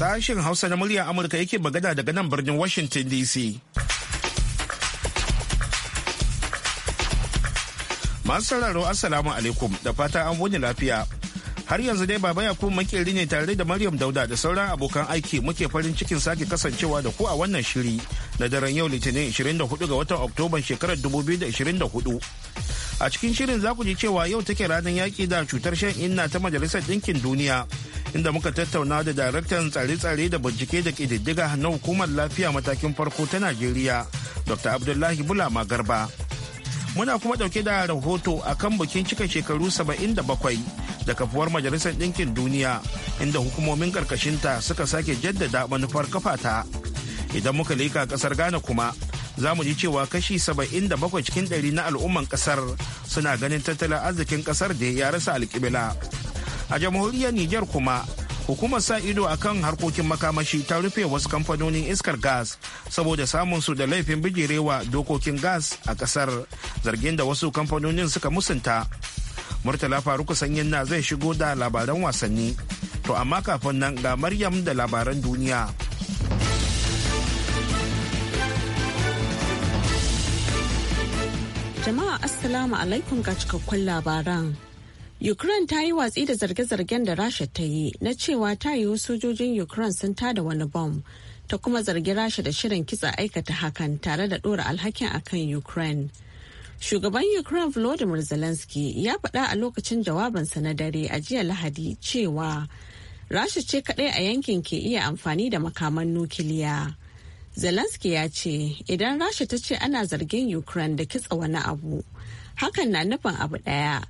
Sashen Hausa na murya Amurka yake magana daga nan birnin Washington DC. Masu sauraro Assalamu alaikum da fata an wuni lafiya. Har yanzu dai Baba yakub makeri ne tare da Maryam Dauda da sauran abokan aiki muke farin cikin sake kasancewa da ku a wannan shiri na daren yau Litinin 24 ga watan Oktoban shekarar 2024. a cikin shirin za ku ji cewa yau take ranar yaƙi da cutar shan inna ta majalisar ɗinkin duniya inda muka tattauna da daraktan tsare-tsare da bincike da ƙididdiga na hukumar lafiya matakin farko ta najeriya dr abdullahi bulama garba muna kuma ɗauke da rahoto a kan bikin cika shekaru 77 da kafuwar majalisar ɗinkin duniya inda hukumomin ƙarƙashinta suka sake jaddada manufar kafa ta idan muka leka ƙasar ghana kuma za mu ji cewa kashi 77 cikin ɗari na al'umman ƙasar suna ganin tattalin arzikin ƙasar da ya rasa alƙibila a jamhuriyar nijar kuma hukumar sa ido akan harkokin makamashi ta rufe wasu kamfanonin iskar gas saboda samun su da laifin bijirewa dokokin gas a kasar zargin da wasu kamfanonin suka musanta murtala faruku sanyin na zai shigo da labaran wasanni to amma kafin nan ga maryam da labaran duniya jama'a assalamu alaikum ga cikakkun labaran Ukraine ta yi watsi da zarge-zargen da Rasha ta yi na cewa ta yiwu sojojin Ukraine sun tada wani bom ta kuma zargi Rasha da shirin kitsa aikata hakan tare da ɗora alhakin akan Ukraine. Shugaban Ukraine Volodymyr Zelensky ya faɗa a lokacin jawabinsa na dare a jiya Lahadi cewa Rasha ce kaɗai a yankin ke iya amfani da makaman nukiliya. Zelensky ya ce idan Rasha ta ce ana zargin Ukraine da kitsa wani abu, hakan na nufin abu ɗaya.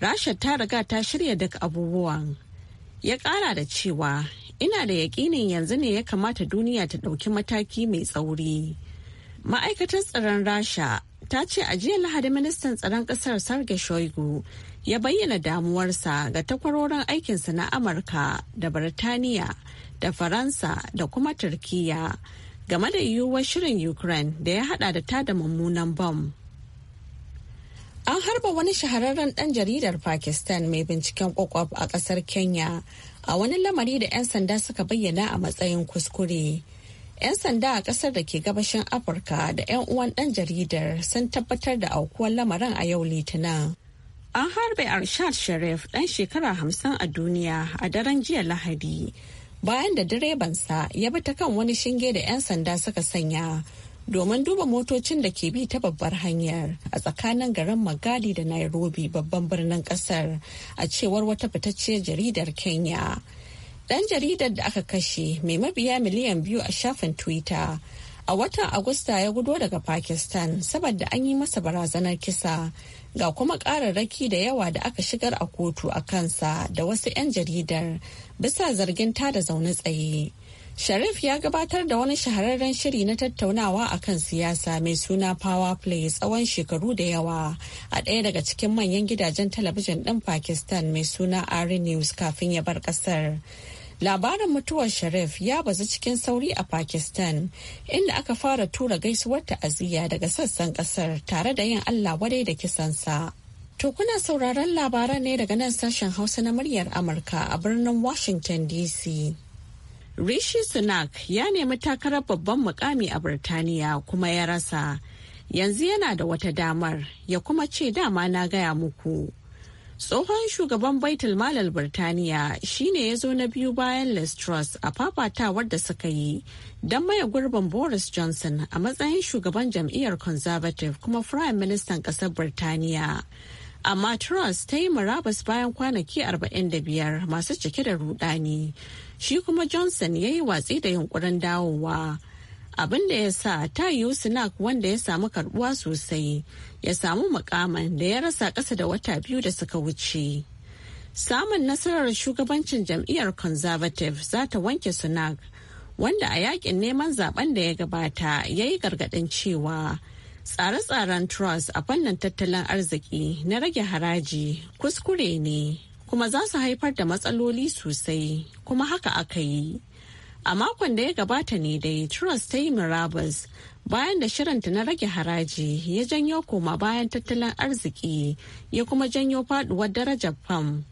rasha ta riga ta shirya duk abubuwan ya kara da cewa ina da yakinin yanzu ne ya kamata duniya ta ɗauki mataki mai tsauri ma'aikatar tsaron rasha ta ce a jiya lahadi ministan tsaron ƙasar sarge shoigu ya bayyana damuwarsa ga takwarorin aikinsa na amurka da birtaniya da faransa da kuma turkiya game da yiwuwar shirin ukraine da ya hada da tada mummunan bom An harba wani shahararren ɗan jaridar Pakistan mai binciken kwakwaf a ƙasar Kenya a wani lamari da 'yan sanda suka bayyana a matsayin kuskure. 'Yan sanda a ƙasar da ke gabashin Afirka da 'yan uwan ɗan jaridar sun tabbatar da aukuwar lamarin a yau Litinin. An harbe Arshad Sharif ɗan shekara hamsin a duniya a daren jiya Lahadi bayan da direbansa ya bi ta kan wani shinge da 'yan sanda suka sanya domin duba motocin da ke bi ta babbar hanyar a tsakanin garin magadi da nairobi babban birnin kasar a cewar wata fitacciyar jaridar kenya dan jaridar da aka kashe mai mabiya miliyan biyu a shafin twitter a watan agusta ya gudo daga pakistan saboda an yi masa barazanar kisa ga kuma kararraki da yawa da aka shigar a kotu a kansa da wasu 'yan jaridar bisa zargin tada zaune tsaye Sharif ya gabatar da wani shahararren shiri na tattaunawa a kan siyasa mai suna Power Play tsawon shekaru da yawa a ɗaya daga cikin manyan gidajen talabijin ɗin Pakistan mai suna Ari News kafin ya bar ƙasar. Labarin mutuwar Sharif ya bazu cikin sauri a Pakistan, inda aka fara tura gaisuwar ta'aziyya daga sassan ƙasar tare da yin Allah wadai da kisansa. To kuna sauraron labaran ne daga nan sashen Hausa na muryar Amurka a birnin Washington DC. Rishi Sunak ya nemi takarar babban mukami a Birtaniya kuma ya rasa. Yanzu yana da wata damar ya kuma ce dama na gaya muku. Tsohon shugaban baitul malal Birtaniya ne ya zo na biyu bayan Liz Truss a fafatawar da suka yi don maye gurbin Boris Johnson a matsayin shugaban jam'iyyar Conservative kuma Prime Ministan ƙasar Birtaniya. amma Truss ta yi murabus bayan kwanaki 45 masu cike da rudani shi kuma Johnson ya yi watsi da yunkurin dawowa. abin da ya sa ta tayo sunak wanda ya samu karbuwa sosai ya samu mukaman da ya rasa kasa da wata biyu da suka wuce samun nasarar shugabancin jam'iyyar conservative za ta wanke sunak wanda a yakin neman zaben da ya gabata ya yi gargadin cewa Tsare-tsaren trust a fannin tattalin arziki na rage haraji kuskure ne kuma za su haifar da matsaloli sosai kuma haka aka yi. A makon da ya gabata ne dai trust ta yi murabus bayan da shirinta na rage haraji ya janyo koma bayan tattalin arziki ya kuma janyo faduwar darajar fam.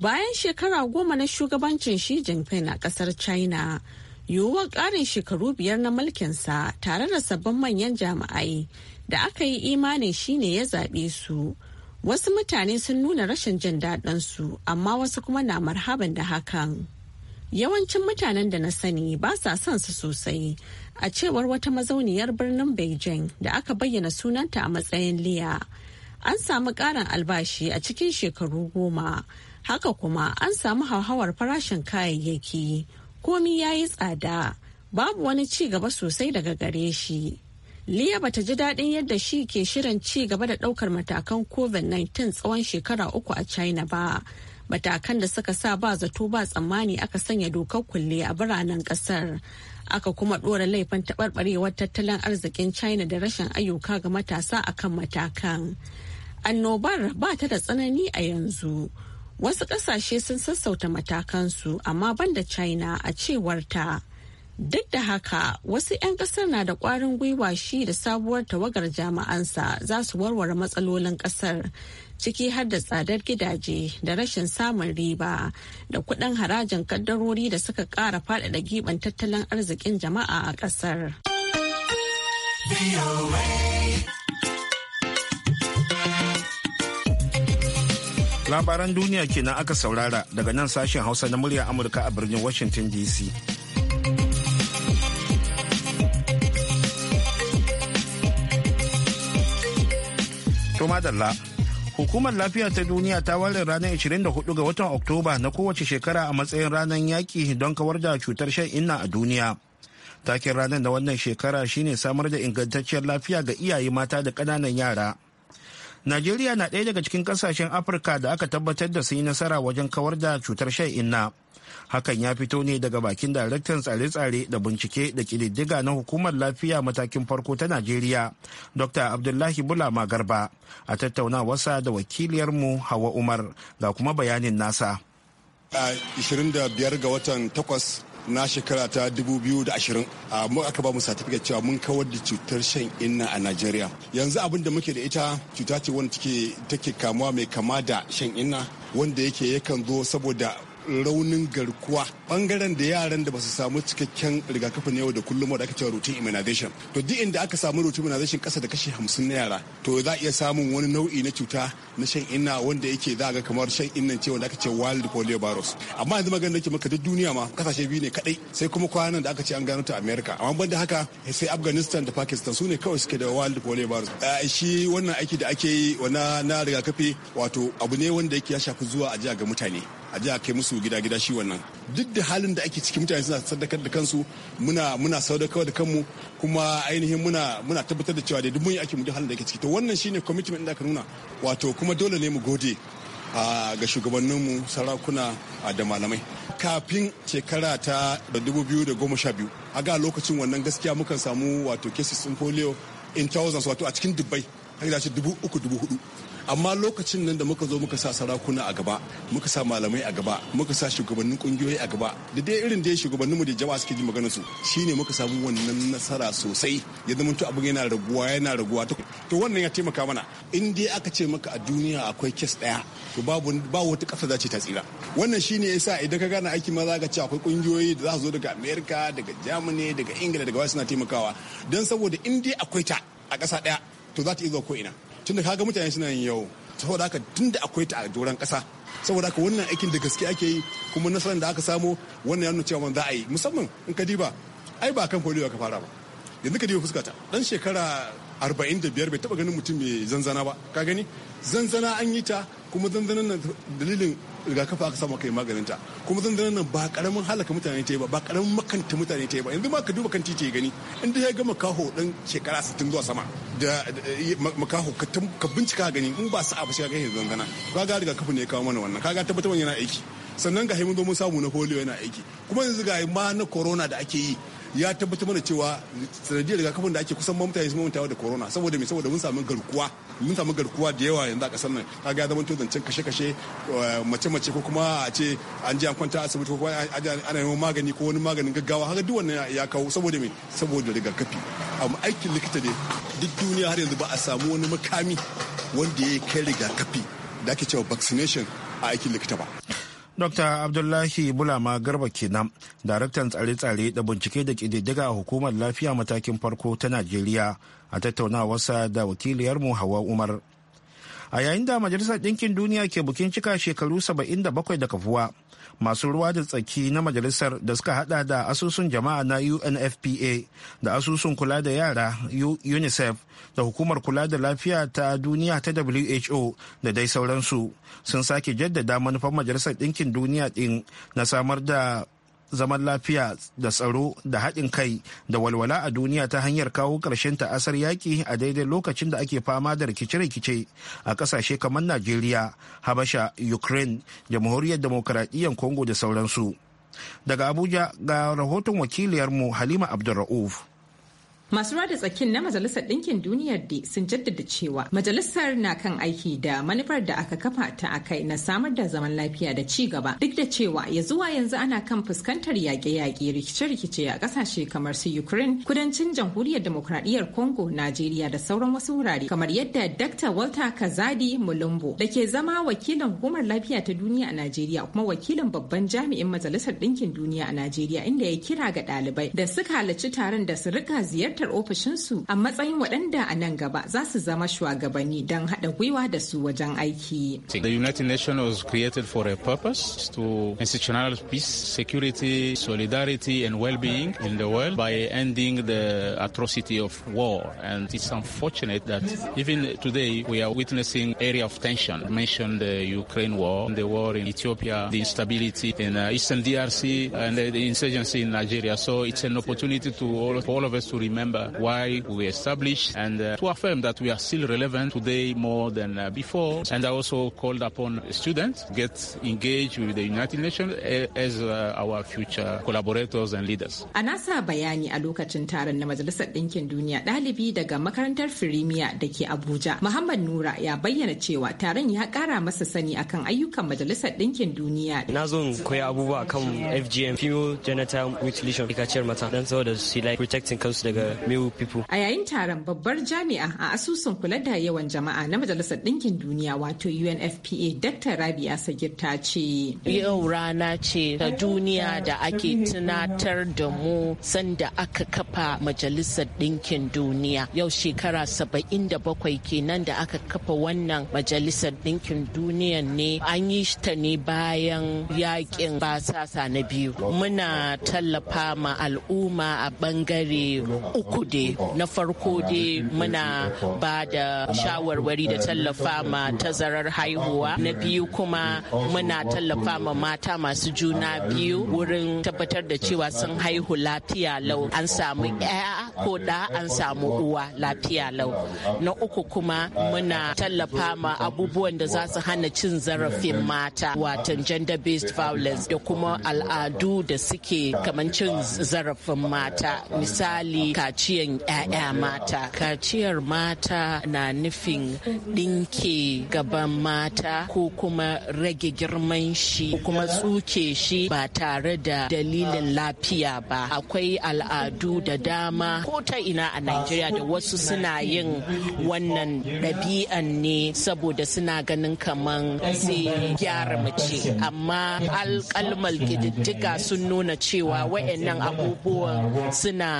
Bayan shekara goma na shugabancin Xi Jinping a kasar China. yiwuwar ƙarin shekaru biyar na mulkinsa tare da sabbin manyan jami'ai da aka yi imanin shine ya zaɓe su. Wasu mutane sun nuna rashin jin daɗin su amma wasu kuma na marhaban da hakan. Yawancin mutanen da na sani ba sa son su sosai, a cewar wata mazauniyar birnin Beijing da aka bayyana sunanta a matsayin Liya. An samu ƙarin albashi a cikin shekaru goma, haka kuma an samu hauhawar farashin kayayyaki. komi ya yi tsada babu wani ci gaba sosai daga gare shi liya bata ji daɗin yadda shi ke shirin ci gaba da ɗaukar matakan covid-19 tsawon shekara uku a china ba matakan da suka sa ba zato ba tsammani aka sanya dokar kulle a biranen ƙasar. aka kuma ɗora laifin taɓarɓarewar tattalin arzikin china da rashin ayyuka ga matasa akan matakan annobar ba ta da tsanani a yanzu Wasu ƙasashe sun sassauta matakansu amma banda China a cewar ta. Duk da haka wasu 'yan ƙasar na da ƙwarin gwiwa shi da sabuwar tawagar jama'ansa za su warware matsalolin ƙasar ciki har da tsadar gidaje da rashin samun riba da kuɗin harajin kaddarori da suka ƙara faɗaɗa giɓin tattalin arzikin jama'a a ƙasar. labaran duniya kenan aka saurara daga nan sashen hausa na murya amurka a birnin washington dc tomadalla hukumar lafiya ta duniya ta ware ranar 24 ga watan oktoba na kowace shekara a matsayin ranar yaƙi don kawar da cutar shan inna a duniya takin ranar da wannan shekara shine samar da ingantacciyar lafiya ga iyaye mata da ƙananan yara najeriya na ɗaya daga cikin ƙasashen afirka da aka tabbatar da sun yi nasara wajen kawar da cutar shan inna hakan ya fito ne daga bakin daraktan tsare-tsare da bincike da ƙididdiga na hukumar lafiya matakin farko ta najeriya dr abdullahi bulama garba a tattaunawarsa da wakiliyar mu hawa umar ga kuma bayanin nasa a 25 ga watan 8 na shekara ta 2020 a mun aka ba mu certificate cewa mun kawar da cutar shan inna a Najeriya. Yanzu abin da muke da ita cuta ce wanda take kamuwa mai kama da shan inna wanda yake yakan zo saboda raunin garkuwa bangaren da yaran da ba su samu cikakken rigakafin yau da kullum da aka cewa routine immunization to duk inda aka samu routine immunization kasa da kashi hamsin na yara to za a iya samun wani nau'i na cuta na shan inna wanda yake za a ga kamar shan innan ce wanda aka ce wild polio virus amma yanzu magana da ke maka duk duniya ma kasashe biyu ne kadai sai kuma kwanan da aka ce an gano ta america amma banda haka sai afghanistan da pakistan su ne kawai suke da wild polio virus shi wannan aiki da ake yi wa na rigakafi wato abu ne wanda yake ya shafi zuwa a ga mutane a je a kai musu gida gida shi wannan duk da halin da ake ciki mutane suna sadakar da kansu muna muna sadakar da kanmu kuma ainihin muna muna tabbatar da cewa da duk mun yi ake mu halin da ake ciki to wannan shine commitment da aka nuna wato kuma dole ne mu gode ga shugabanninmu sarakuna da malamai kafin shekara ta 2012 a ga lokacin wannan gaskiya mukan samu wato cases in polio in thousands wato a cikin dubbai haka da shi dubu uku dubu hudu amma lokacin nan da muka zo muka sa sarakuna a gaba muka sa malamai a gaba muka sa shugabannin kungiyoyi a gaba da dai irin dai shugabanninmu da jama'a suke ji magana su shine muka samu wannan nasara sosai ya zama to abin yana raguwa yana raguwa to wannan ya taimaka mana in dai aka ce maka a duniya akwai kes daya to babu ba wata kasa za ta tsira wannan shine yasa idan ka gane aiki maza ka ce akwai kungiyoyi da za su zo daga amerika daga Germany daga Ingila daga wasu suna taimakawa don saboda in dai akwai ta a ƙasa daya to za ta iya zuwa ko ina tunda kaga mutane suna yin yau saboda haka tunda akwai ta a doron kasa saboda haka wannan aikin da gaske ake yi kuma nasarar da aka samo wannan ya nuna cewa za a yi musamman in ka diba ai ba kan polio ka fara ba yanzu ka diba fuskata dan shekara arba'in da biyar bai taba ganin mutum mai zanzana ba ka gani zanzana an yi ta kuma zanzanin nan dalilin rigakafi aka samu kai maganinta kuma zanzanin nan ba karamin halaka mutane ta yi ba ba karamin makanta mutane ta yi ba yanzu ma ka duba kan titi ya gani inda ya ga makaho dan shekara 60 zuwa sama da makaho ka bincika gani in ba sa'a ba shi ka ga zanzana ga rigakafi ne ya kawo mana wannan kaga tabbatar yana aiki sannan ga mun zo mun samu na polio yana aiki kuma yanzu ga ma na corona da ake yi ya tabbatar mana cewa sanadiyar rigakafin da ake kusan mutane sun mantawa da corona saboda me saboda mun samu garkuwa mun samu garkuwa da yawa yanzu a kasar nan kaga ya zama to zancen kashe-kashe eh, mace-mace ko kuma a ce an je an kwanta asibiti ko kuma ana neman magani ko wani maganin gaggawa haka duk wannan ya kawo saboda me saboda rigakafi amma aikin likita ne duk duniya har yanzu ba a samu wani makami wanda ya kai rigakafi da ake cewa vaccination a aikin likita ba Dr. Abdullahi Bulama Garba kenan, daraktan tsare-tsare da bincike da ƙididdiga a hukumar lafiya matakin farko ta Najeriya a tattaunawarsa da wakiliyarmu Hawa Umar. A yayin da Majalisar Ɗinkin Duniya ke bukin cika shekaru 77 da kafuwa, masu ruwa da tsaki na majalisar da suka hada da asusun jama'a na unfpa da asusun kula da yara unicef da hukumar kula da lafiya ta duniya ta who da dai sauransu sun sake jaddada manufar majalisar ɗinkin duniya ɗin na samar da zaman lafiya da tsaro da haɗin kai da walwala a duniya ta hanyar kawo ƙarshen ta'asar yaƙi a daidai lokacin da ake fama da rikice-rikice a ƙasashe kamar najeriya habasha ukraine jamhuriyar demokaradiyyar congo da sauransu daga abuja ga rahoton wakiliyarmu halima abdulra'uf Masu ruwa da tsakin na Majalisar Ɗinkin Duniya D sun jaddada cewa majalisar na kan aiki da manufar da aka kafa ta a kai na samar da zaman lafiya da ci gaba duk da cewa ya zuwa yanzu ana kan fuskantar yaƙe-yaƙe rikice-rikice a ƙasashe kamar su Ukraine, kudancin jamhuriyar demokradiyyar Congo, Najeriya da sauran wasu wurare kamar yadda Dr. Walter Kazadi Mulumbo da ke zama wakilin hukumar lafiya ta duniya a Najeriya kuma wakilin babban jami'in Majalisar dinkin Duniya a Najeriya inda ya kira ga ɗalibai da suka halarci taron da su rika ziyarta. halartar ofishinsu a matsayin waɗanda a nan gaba za su zama shugabanni don haɗa gwiwa da su wajen aiki. The United Nations was created for a purpose to institutional peace, security, solidarity and well-being in the world by ending the atrocity of war. And it's unfortunate that even today we are witnessing area of tension. I mentioned the Ukraine war, the war in Ethiopia, the instability in uh, Eastern DRC and uh, the insurgency in Nigeria. So it's an opportunity to all, all of us to remember remember why we were established and uh, to affirm that we are still relevant today more than uh, before. And I also called upon students get engaged with the United Nations uh, as uh, our future collaborators and leaders. Anasa bayani a lokacin taron na Majalisar Ɗinkin Duniya ɗalibi daga makarantar Firimiya da ke Abuja, Muhammad Nura ya bayyana cewa taron ya ƙara masa sani akan ayyukan Majalisar Ɗinkin Duniya. Na zo koya abubuwa kan FGM, Female Genital Mutilation Picture Mata, don saboda su like protecting kansu daga Mewu Pipo. A yayin taron babbar jami'a a asusun kula da yawan jama'a na Majalisar Ɗinkin Duniya wato UNFPA Dr. Rabia Sagir ta ce. Yau rana ce ta duniya da ake tunatar da mu sanda aka kafa Majalisar Ɗinkin Duniya. Yau shekara saba'in da bakwai kenan da aka kafa wannan Majalisar Ɗinkin Duniya ne an yi ta ne bayan yakin basasa na biyu. Muna tallafa ma al'umma a bangare uku uku de na farko de muna ba da shawarwari da tallafa ma tazarar haihuwa na biyu kuma muna tallafa ma mata masu juna biyu wurin tabbatar da cewa sun haihu lafiya lau an samu ɗaya ko da an samu uwa lafiya lau na uku kuma muna tallafa ma abubuwan da za su hana cin zarafin mata watan gender based violence da kuma al'adu da suke kamar cin zarafin mata misali kaciyan 'ya'ya mata kaciyar mata na nufin ɗinke gaban mata ko kuma rage girman shi ko kuma tsuke shi ba tare da dalilin lafiya ba akwai al'adu da dama ko ta ina a Najeriya da wasu suna yin wannan ɗabi'an ne saboda suna ganin kaman zai gyara mace amma alƙalmal ƙididdiga sun nuna cewa wayannan abubuwan suna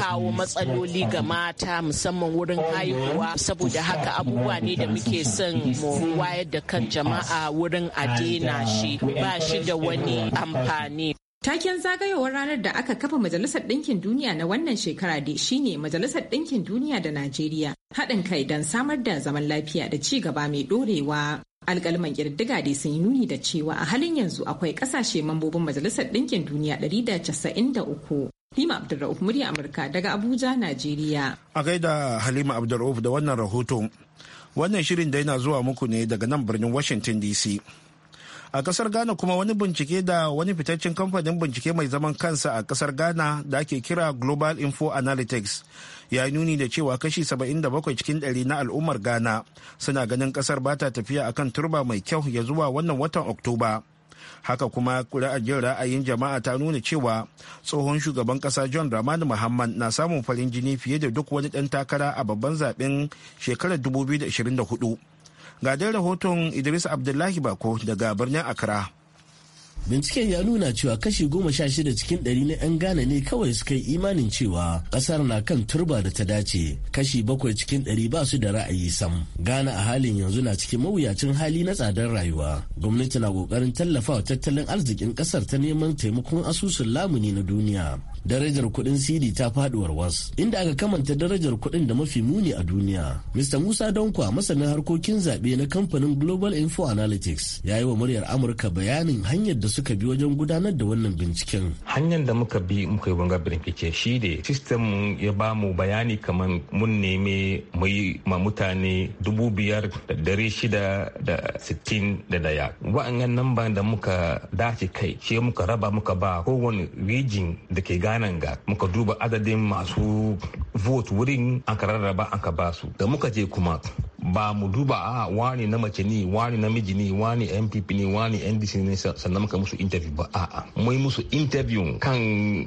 kawo matsaloli ga mata musamman wurin haihuwa saboda haka abubuwa ne da muke son mu wayar da kan jama'a wurin a daina shi ba shi da wani amfani Taken zagayowar ranar da aka kafa Majalisar Ɗinkin Duniya na wannan shekara dai shine Majalisar Ɗinkin Duniya da Najeriya haɗin kai don samar da zaman lafiya da ci gaba mai ɗorewa. Alƙalman ƙirdiga dai sun yi nuni da cewa a halin yanzu akwai ƙasashe mambobin Majalisar Ɗinkin Duniya 193 Halima Abdulrauf murya Amurka daga Abuja, Najeriya. A gaida Halima Abdulrauf da wannan rahoto. Wannan shirin da yana zuwa muku ne daga nan birnin Washington DC. A kasar Ghana kuma wani bincike da wani fitaccen kamfanin bincike mai zaman kansa a kasar Ghana da ake kira Global Info Analytics ya nuni da cewa kashi 77 cikin ɗari na al'ummar Ghana suna ganin kasar ba ta tafiya akan turba mai kyau ya zuwa wannan watan Oktoba. haka kuma jin ra'ayin jama'a ta nuna cewa tsohon shugaban ƙasa john dramani muhammad na samun farin jini fiye da duk wani ɗan takara a babban zaben shekarar 2024 ga dai rahoton idris abdullahi bako daga birnin accra Binciken ya nuna cewa kashi goma sha shida cikin ɗari na 'yan Ghana ne kawai suka yi imanin cewa ƙasar na kan turba da ta dace. Kashi bakwai cikin ɗari ba su da ra'ayi sam. Ghana a halin yanzu na cikin mawuyacin hali na tsadar rayuwa. Gwamnati na ƙoƙarin tallafawa tattalin arzikin ƙasar ta neman taimakon asusun lamuni na duniya. darajar kuɗin cd ta faɗuwar was inda aka kamanta darajar kuɗin da mafi muni a duniya mr musa donkwa masanin harkokin zaɓe na kamfanin global info analytics ya yi wa muryar amurka bayanin hanyar da suka bi wajen gudanar da wannan binciken hanyar da muka bi muka yi wanga bincike shi ne system ya ba mu bayani kamar mun neme mu yi ma mutane dubu biyar da dari shida da sittin da daya wa'annan namba da muka dace kai shi muka raba muka ba kowane region da ke gane ganan ga muka duba adadin masu vote wurin an ka rarraba an ka basu da muka je kuma ba mu duba a ah, wani na mace ne wani namiji ne wani mpp ne wani ndc ne sannan muka musu interview ba a a mun musu interview kan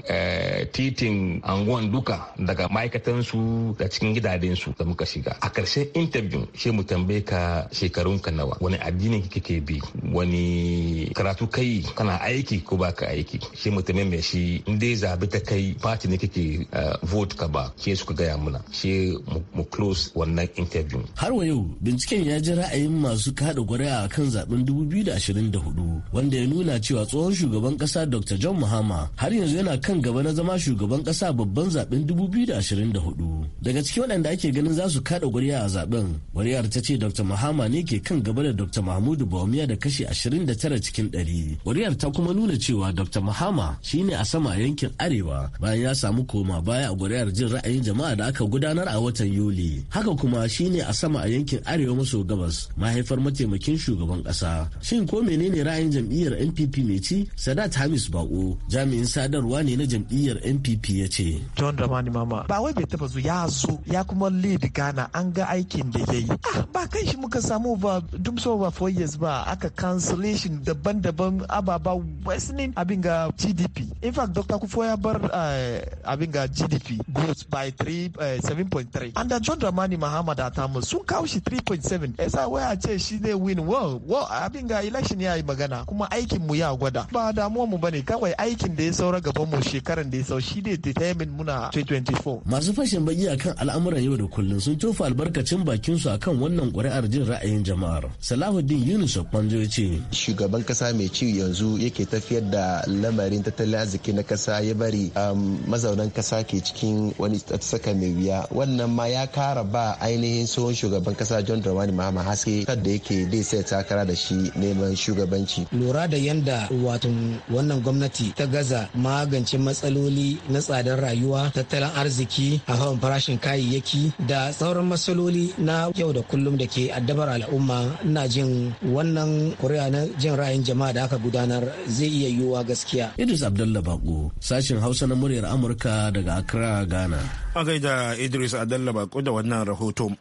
eh, titin anguwan duka daga ma'aikatan su da cikin gidajen su da muka shiga a karshen interview sai mu tambaye ka shekarun ka nawa wani addinin kake bi wani karatu kai kana aiki ko ba ka aiki sai mu tambaye mai shi in dai zabi ta kai party ne kake eh, vote ka ba ke suka gaya muna sai mu close wannan interview yau binciken ya ji ra'ayin masu kada a kan zaben 2024 wanda ya nuna cewa tsohon shugaban ƙasa Dr. John Mahama har yanzu yana kan gaba na zama shugaban ƙasa babban zaben 2024. Daga cikin waɗanda ake ganin za su kada ƙuri'a a zaben, ƙuri'ar ta ce Dr. Mahama ne ke kan gaba da Dr. Mahmudu Bawumia da kashi 29 cikin 100. Ƙuri'ar ta kuma nuna cewa Dr. Mahama shine a sama yankin Arewa bayan ya samu koma baya a ƙuri'ar jin ra'ayin jama'a da aka gudanar a watan Yuli. Haka kuma shine a sama a yankin arewa maso gabas mahaifar mataimakin shugaban kasa shin ko menene ra'ayin jam'iyyar npp mai ci sadat hamis bako jami'in sadarwa ne na jam'iyyar npp ya ce john ramani mama ba wai bai taba ya so ya kuma lead gana an ga aikin da ya yi ah, ba kai shi muka samu ba so ba four years ba aka cancellation daban-daban ababa westning abin ga gdp in fact dr kufo ya bar eh, abin ga gdp growth by 3 7.3 and john ramani mahama da atamu sun kawo shi 3.7 yasa eh, waya ce shi ne win world well abin ga election ya yi magana kuma aikin mu ya gwada ba damuwa mu bane kawai aikin da ya saura gaban mu shekaran da ya sau shi ne determine muna 2024 masu fashin baki akan al'amuran yau da kullum sun tofa albarkacin bakin su akan wannan ƙuri'ar jin ra'ayin jama'ar salahuddin yunus kwanjo ce shugaban kasa mai ci yanzu yake tafiyar da lamarin tattalin arziki na kasa ya bari um, mazaunan kasa ke cikin wani saka mai wuya wannan ma ya kara ba ainihin tsohon shugaban shugaban kasa john dramani mahama haske kad da yake dai sai takara da shi neman shugabanci lura da yanda wato wannan gwamnati ta gaza magance matsaloli na tsadar rayuwa tattalin arziki a hawan farashin kayayyaki da sauran matsaloli na yau da kullum da ke addabar al'umma ina jin wannan kuri'a na jin ra'ayin jama'a da aka gudanar zai iya yiwuwa gaskiya idris abdullah bako sashen hausa na muryar amurka daga accra ghana a gaida idris abdullah bako da wannan rahoton.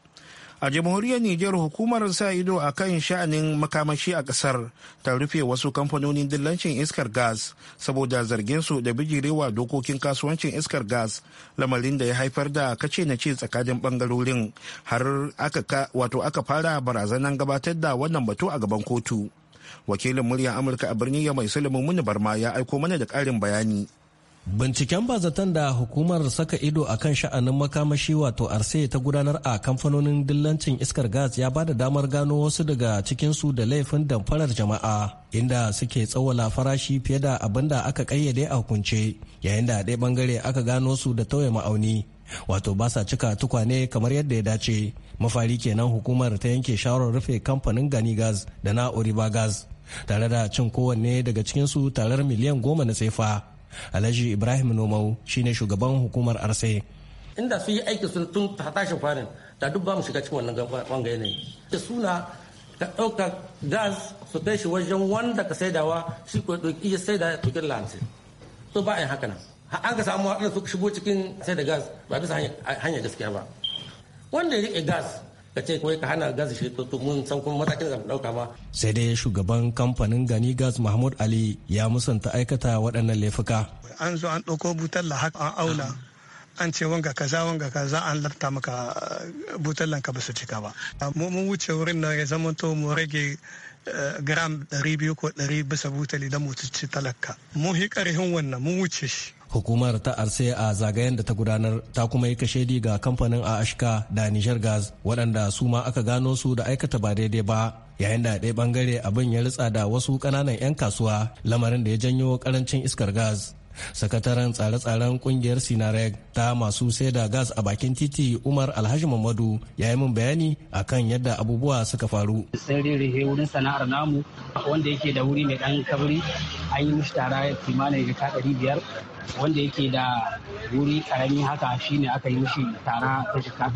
a jamhuriyar niger hukumar sa ido a kan sha'anin makamashi a kasar ta rufe wasu kamfanonin dillancin iskar gas saboda zargin su da bijirewa dokokin kasuwancin iskar gas lamarin da ya haifar da kace na ce tsakanin bangarorin har aka wato aka fara barazanar gabatar da wannan batu a gaban kotu wakilin muryar amurka a birnin ya mai sulaiman barma ya aiko mana da karin bayani Binciken bazatan da hukumar saka ido a kan sha'anin makamashi wato arse ta gudanar a kamfanonin dillancin iskar gas ya bada damar gano wasu daga cikinsu da laifin damfarar jama'a inda suke tsawala farashi fiye da abin da aka kayyade a hukunce yayin da ɗaya bangare aka gano su da tauye ma'auni wato ba sa cika tukwane kamar yadda ya dace mafari kenan hukumar ta yanke shawarar rufe kamfanin gani gas da na oriba gas tare da cin kowanne daga cikinsu tarar miliyan goma na sefa. alhaji ibrahim nomau shine shugaban hukumar arse inda suyi yi aiki sun tun tashin farin da duk ba mu shiga cikin wannan wanga yanayi da suna ka ɗauka gas su kai shi wajen wanda ka saidawa shi ko ɗauki ya saida ya ɗauki lance. to ba a yi haka nan an ka samu waɗanda suka shigo cikin saida gas ba bisa hanyar gaskiya ba wanda ya riƙe gas ka ce kawai ka hana gas shi to mun san kuma matakin da dauka ba. sai dai shugaban kamfanin gani gas mahmud ali ya musanta aikata waɗannan laifuka an zo an ɗauko butar lahak an aula an ce wanga kaza wanga kaza an lafta maka eh, butallan ka basu cika ba mu mun wuce wurin na ya zama to mu rage eh, gram 200 ko 100 bisa butali da mu ci talaka mun hi karhin wannan mun wuce shi Hukumar ta arse a zagayen da ta gudanar ta kuma yi kashedi ga kamfanin a ashka da niger Gas waɗanda su ma aka gano su da aikata ba daidai ba yayin da ɗaya ɓangare abin ya ritsa da wasu ƙananan 'yan kasuwa lamarin da ya janyo ƙarancin iskar gas. sakataren tsare-tsaren kungiyar sinareg ta masu sai da gas a bakin titi umar alhaji mamadu ya yi min bayani akan yadda abubuwa suka faru sun ririhe wurin sana'ar namu wanda yake da wuri mai dan kabri an yi mishi tara kimanin ga ɗari biyar wanda yake da wuri karami haka shine aka yi mishi tara ta shekara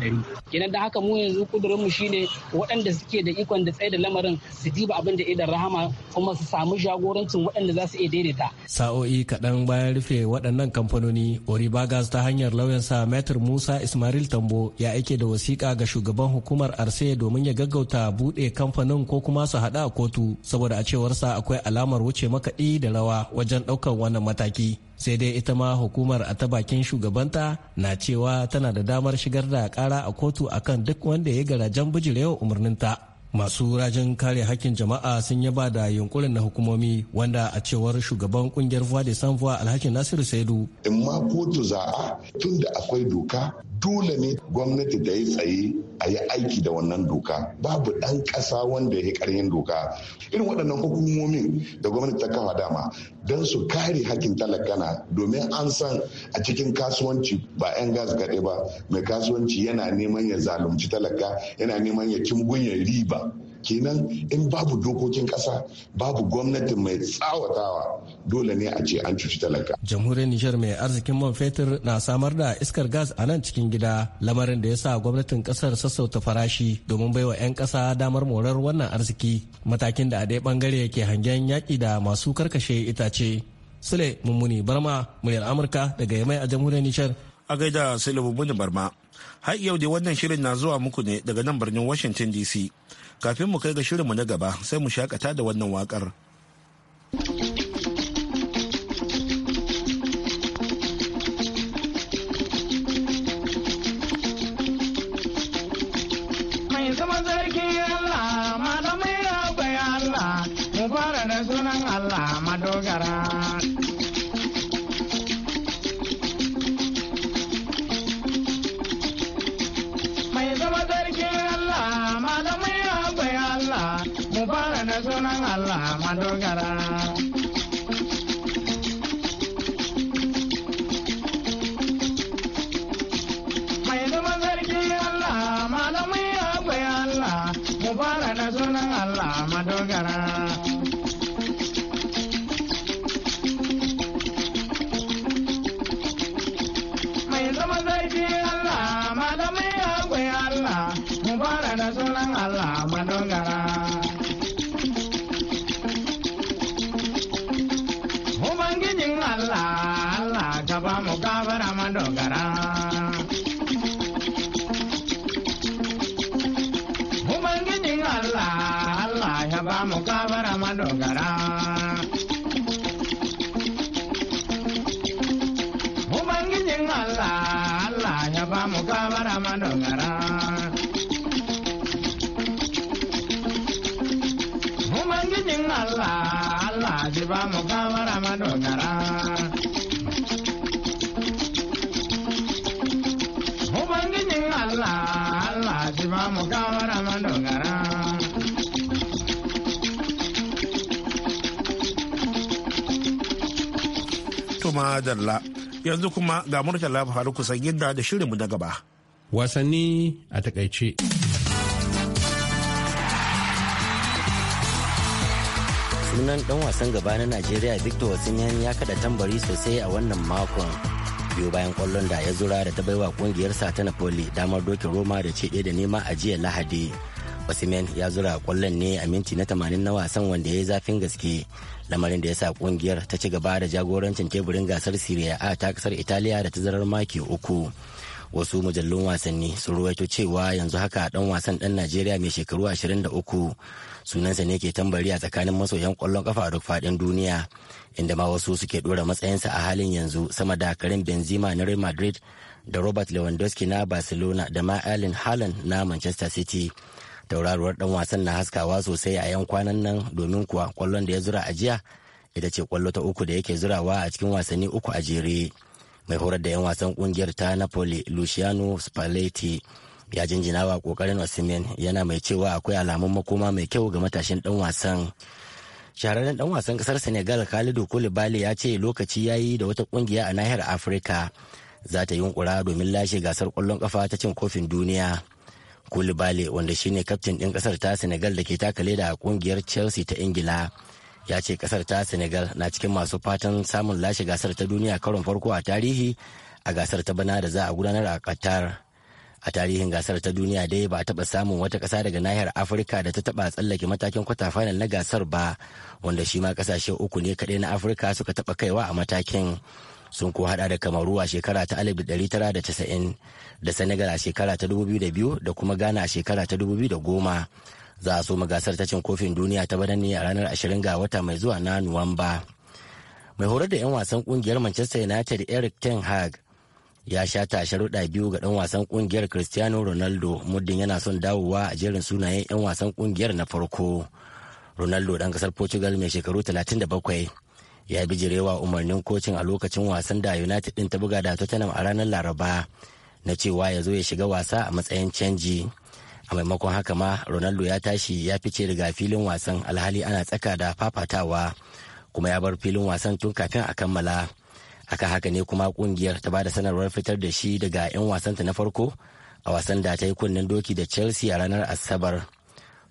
kenan da haka mu yanzu kudurinmu shine waɗanda suke da ikon da tsaye da lamarin su diba abin da idan rahama kuma su samu jagorancin waɗanda za su iya daidaita sa'o'i kaɗan bayan rufe waɗannan kamfanoni oribagas ta hanyar lauyansa metr musa ismail tambo ya aike da wasiƙa ga shugaban hukumar arse domin ya gaggauta buɗe kamfanin ko kuma su haɗu a kotu saboda a cewarsa akwai alamar wuce makaɗi da rawa wajen ɗaukar wannan mataki sai dai ita ma hukumar a ta bakin shugabanta na cewa tana da damar shigar da kara a kotu akan duk wanda ya garajen bijirewa umarninta. masu rajin kare hakkin jama'a sun yaba da yunkurin na hukumomi wanda a cewar shugaban kungiyar voix de sans voix alhaji nasiru saidu in ma kotu za'a tun da akwai doka dole ne gwamnati da ya tsaye a yi aiki da wannan doka babu ɗan ƙasa wanda ya yi doka irin waɗannan hukumomin da gwamnati ta kafa dama don su kare hakkin talakana domin an san a cikin kasuwanci ba 'yan gas kaɗai ba mai kasuwanci yana neman ya zalunci talaka yana neman ya cimgunya riba kenan in babu dokokin kasa babu gwamnati mai tsawatawa dole ne a ce an cuci talaka jamhuriyar nijar mai arzikin man fetur na samar da iskar gas a nan cikin gida lamarin da ya sa gwamnatin kasar sassauta farashi domin baiwa 'yan kasa damar morar wannan arziki matakin da a ɗaya bangare ke hangen yaƙi da masu karkashe itace sule mummuni barma muryar amurka daga yamai a jamhuriyar nijar a gaida sule mummuni barma har yau da wannan shirin na zuwa muku ne daga nan birnin washington dc kafin mu kai ga shirinmu na gaba sai mu shakata da wannan wakar. Mai zama zargi da kuma Dalla. Yanzu kuma ga Murtala haru kusan yadda da shirinmu na gaba. Wasanni a takaice. Sunan ɗan wasan gaba na Najeriya Victor Osimhen ya kada tambari sosai a wannan makon. biyu bayan kwallon da ya zura da ta baiwa kungiyarsa ta Napoli damar dokin Roma da ce da nema a jiya Lahadi. Osimen ya zura kwallon ne a minti na 80 na wasan wanda ya yi zafin gaske lamarin da ya sa kungiyar ta ci gaba da jagorancin teburin gasar Serie A ta kasar Italiya da tazarar maki uku. Wasu mujallun wasanni sun ruwaito cewa yanzu haka dan wasan dan Najeriya mai shekaru 23 sunansa ne ke tambari a tsakanin masoyan kwallon kafa duk fadin duniya inda ma wasu suke dora matsayinsa a halin yanzu sama da karin Benzema na Real Madrid da Robert Lewandowski na Barcelona da ma Erling Haaland na Manchester City. tauraruwar dan wasan na haskawa sosai a yan kwanan nan domin kuwa kwallon da ya zura a jiya ita ce kwallo ta uku da yake zurawa a cikin wasanni uku a jere mai horar da 'yan wasan kungiyar ta napoli luciano spalletti ya jinjina wa kokarin osimhen yana mai cewa akwai alamun makoma mai kyau ga matashin dan wasan shahararren dan wasan kasar senegal khalidu koulibaly ya ce lokaci ya yi da wata kungiya a nahiyar afirka za ta yunkura domin lashe gasar kwallon kafa ta cin kofin duniya Koulibaly, wanda shine kaftin din ƙasar ta senegal da ke takale a ƙungiyar chelsea ta ingila ya ce kasar ta senegal na cikin masu fatan samun lashe gasar ta duniya karon farko a tarihi a gasar ta bana da za a gudanar a qatar a tarihin gasar ta duniya dai ba a taɓa samun wata ƙasa daga nahiyar afirka da ta taba tsallake matakin kwata final na gasar ba wanda shi ma kasashe uku ne kadai na afirka suka taba kaiwa a matakin sun ko hada da kamaru a shekara ta 1990 da senegal a shekara ta 2002 da kuma ghana a shekara ta 2010 za a so gasar ta cin kofin duniya ta bana a ranar 20 ga wata mai zuwa na nuwamba mai horar da 'yan wasan kungiyar manchester united eric ten hag ya sha sharuɗa biyu ga ɗan wasan kungiyar cristiano ronaldo muddin yana son dawowa a jerin sunayen 'yan wasan kungiyar na farko ronaldo ɗan ƙasar portugal mai shekaru 37 ya bijirewa umarnin kocin a lokacin wasan da united din ta buga da tottenham a ranar laraba na cewa ya zo ya shiga wasa a matsayin canji a maimakon haka ma ronaldo ya tashi ya fice daga filin wasan alhali ana tsaka da fafatawa kuma ya bar filin wasan tun kafin a kammala aka haka ne kuma kungiyar ta bada sanarwar fitar da shi daga 'yan wasanta na farko a wasan da ta yi kunnen doki da chelsea a ranar asabar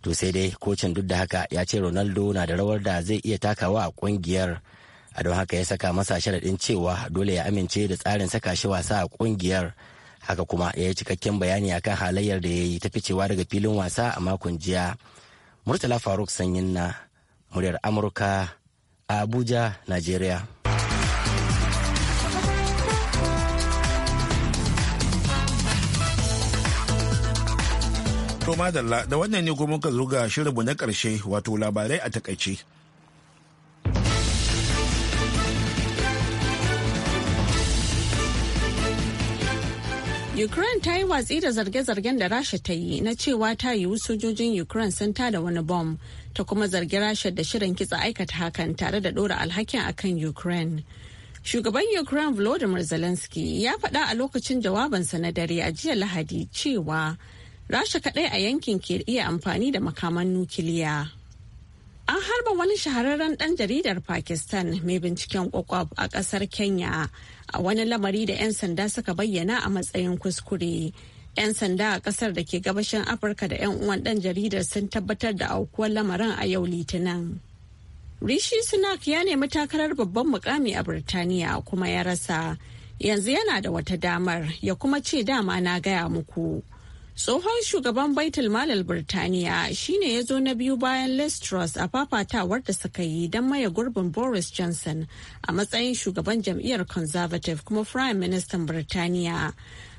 to sai dai kocin duk da haka ya ce ronaldo na da rawar da zai iya takawa a kungiyar a don haka ya saka masa sharaɗin cewa dole ya amince da tsarin saka shi wasa a ƙungiyar haka kuma ya yi cikakken bayani akan halayyar da ya yi ta ficewa daga filin wasa a makon jiya murtala faruk sanyin na muryar amurka a abuja nigeria to madalla da wannan ne kuma muka zo ga shirinmu na karshe wato labarai a takaice Ukraine ta yi watsi da zarge-zargen da Rasha ta yi na cewa ta yiwu sojojin Ukraine sun tada wani bom ta kuma zargi Rasha da shirin kitsa aikata hakan tare da ɗora alhakin akan Ukraine. Shugaban Ukraine Volodymyr Zelensky ya faɗa a lokacin jawabansa na dare a jiya Lahadi cewa Rasha kaɗai a yankin ke iya amfani da makaman nukiliya. An harba wani shahararren ɗan jaridar Pakistan mai binciken kwakwab a ƙasar Kenya a wani lamari da 'yan sanda suka bayyana a matsayin kuskure. 'yan sanda a kasar da ke gabashin afirka da 'yan uwan dan jaridar sun tabbatar da aukuwar lamarin a yau litinin rishi sunak ya nemi takarar babban mukami a birtaniya kuma ya rasa yanzu yana da wata damar ya kuma ce dama na gaya muku Tsohon shugaban Baitul Malal Birtaniya shine ya zo na biyu bayan Liz Truss a fafatawar da suka yi don maye gurbin Boris Johnson a matsayin shugaban jam'iyyar Conservative kuma Prime Minister Birtaniya.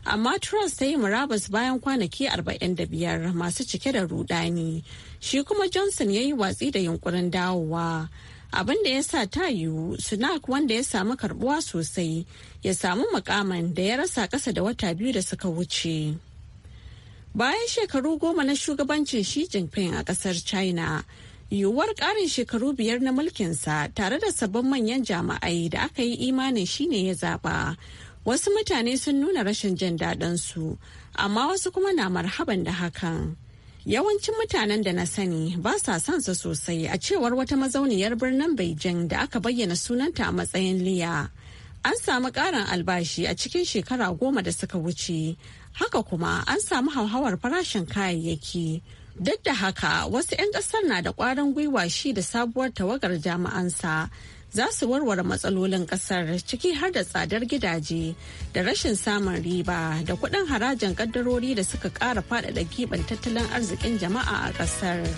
Amma Truss ta yi murabus bayan kwanaki 45 masu cike da rudani. Shi kuma Johnson ya yi watsi da yunkurin dawowa. abin da ya sa ta yiwu sunak wanda ya samu karbuwa sosai ya samu makaman da ya rasa kasa da wata biyu da suka wuce. Bayan shekaru goma na shugabancin Xi Jinping a kasar China, yiwuwar ƙarin shekaru biyar na mulkinsa tare da sabbin manyan jama'ai da aka yi imanin shine ya zaba. Wasu mutane sun nuna rashin jin su amma wasu kuma na marhaban da hakan. Yawancin mutanen da na sani ba sa son sa sosai a cewar wata mazauniyar birnin Beijing da aka bayyana sunanta a matsayin Liya. an samu ƙarin albashi a cikin shekara goma da suka wuce haka kuma an samu hauhawar farashin kayayyaki duk da haka wasu 'yan ƙasar na da ƙwarin gwiwa shi da sabuwar tawagar jami'ansa za su warware matsalolin ƙasar ciki har da tsadar gidaje da rashin samun riba da kuɗin harajin ƙaddarori da suka ƙara faɗaɗa giɓin tattalin arzikin jama'a a ƙasar.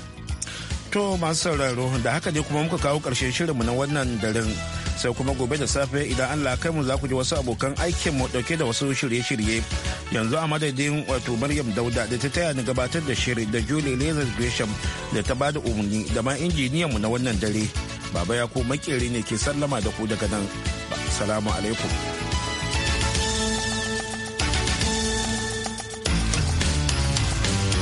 To masu sauraro da haka ne kuma muka kawo ƙarshen shirinmu na wannan daren. sai kuma gobe da safe idan Allah kai mu za ku ji wasu abokan aikin mu dauke da wasu shirye-shirye yanzu a madadin wato Maryam Dauda da ta taya ni gabatar da shirin da Julie Lazarus Gresham da ta bada umarni da ma injiniyan mu na wannan dare Baba Yakubu makeri ne ke sallama da ku daga nan. Salamu alaikum.